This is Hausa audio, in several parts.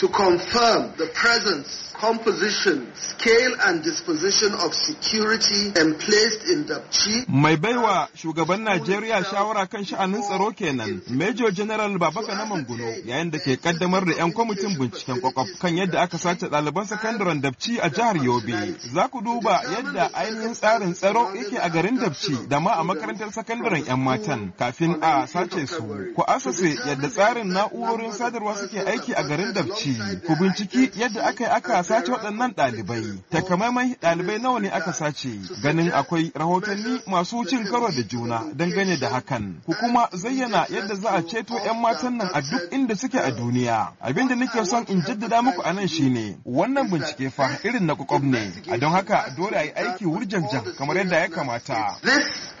to confirm the presence composition, scale and disposition of security and placed in chief. Mai baiwa shugaban Najeriya shawara kan sha'anin tsaro kenan, Major General Babaka na Manguno yayin da ke kaddamar da 'yan kwamitin binciken kwakwaf kan yadda aka sace ɗaliban sakandaren dabci a jihar Yobe. Za ku duba yadda ainihin tsarin tsaro yake a garin dabci da ma a makarantar sakandaren 'yan matan kafin a sace su. Ku asase yadda tsarin na'urorin sadarwa suke aiki a garin dabci, Ku binciki yadda aka yi aka sace waɗannan ɗalibai takamaiman ɗalibai nawa ne aka sace ganin akwai rahotanni masu cin karo da juna dangane da hakan ku kuma zayyana yadda za a ceto 'yan matan nan a duk inda suke a duniya abin da nake son in jaddada muku a nan shine wannan bincike fa irin na kwakwab ne a don haka dole a yi aiki wurjanjan kamar yadda ya kamata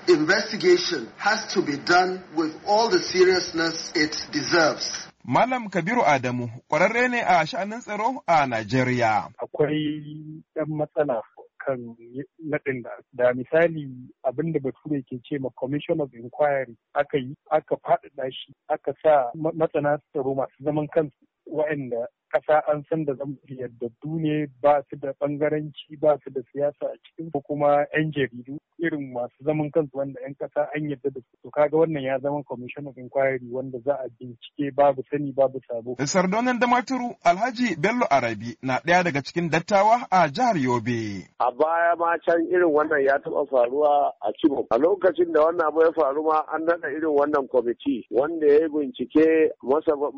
investigation has to be done with all the seriousness it deserves. Malam Kabiru Adamu ƙwararre ne a sha'anin tsaro a Najeriya. Akwai ɗan matsala kan naɗin da da misali abin da bature ke ce ma commission of inquiry aka yi aka faɗaɗa shi aka sa matsana tsaro masu zaman kansu waɗanda ƙasa an san da zama yaddadu ne ba su da bangaranci ba su da siyasa a cikin ko kuma 'yan jaridu irin masu zaman kansu wanda 'yan kasa an yadda da su kaga wannan ya zama commission of inquiry wanda za a bincike babu sani babu sabo. Sardonan Damaturu Alhaji Bello Arabi na ɗaya daga cikin dattawa a jihar Yobe. A baya ma can irin wannan ya taɓa faruwa a Cibo. A lokacin da wannan abu ya faru ma an naɗa irin wannan kwamiti wanda ya yi bincike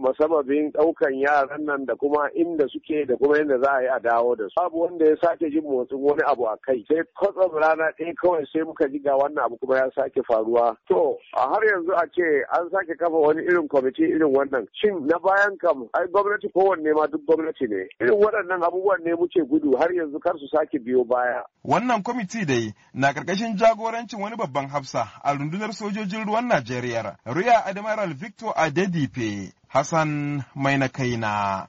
masababin ɗaukan yaran nan da kuma inda suke da kuma yadda za a yi a dawo da su babu wanda ya sake jin motsin wani abu a kai sai kwatsam rana ɗaya kawai sai muka ji ga wannan abu kuma ya sake faruwa to a har yanzu a ce an sake kafa wani irin kwamiti irin wannan shin na bayan kam ai gwamnati kowanne ma duk gwamnati ne irin waɗannan abubuwan ne muke gudu har yanzu kar su sake biyo baya wannan kwamiti dai na ƙarƙashin jagorancin wani babban hafsa a rundunar sojojin ruwan Najeriya Ruya Admiral Victor Adedipe Hassan Mai kaina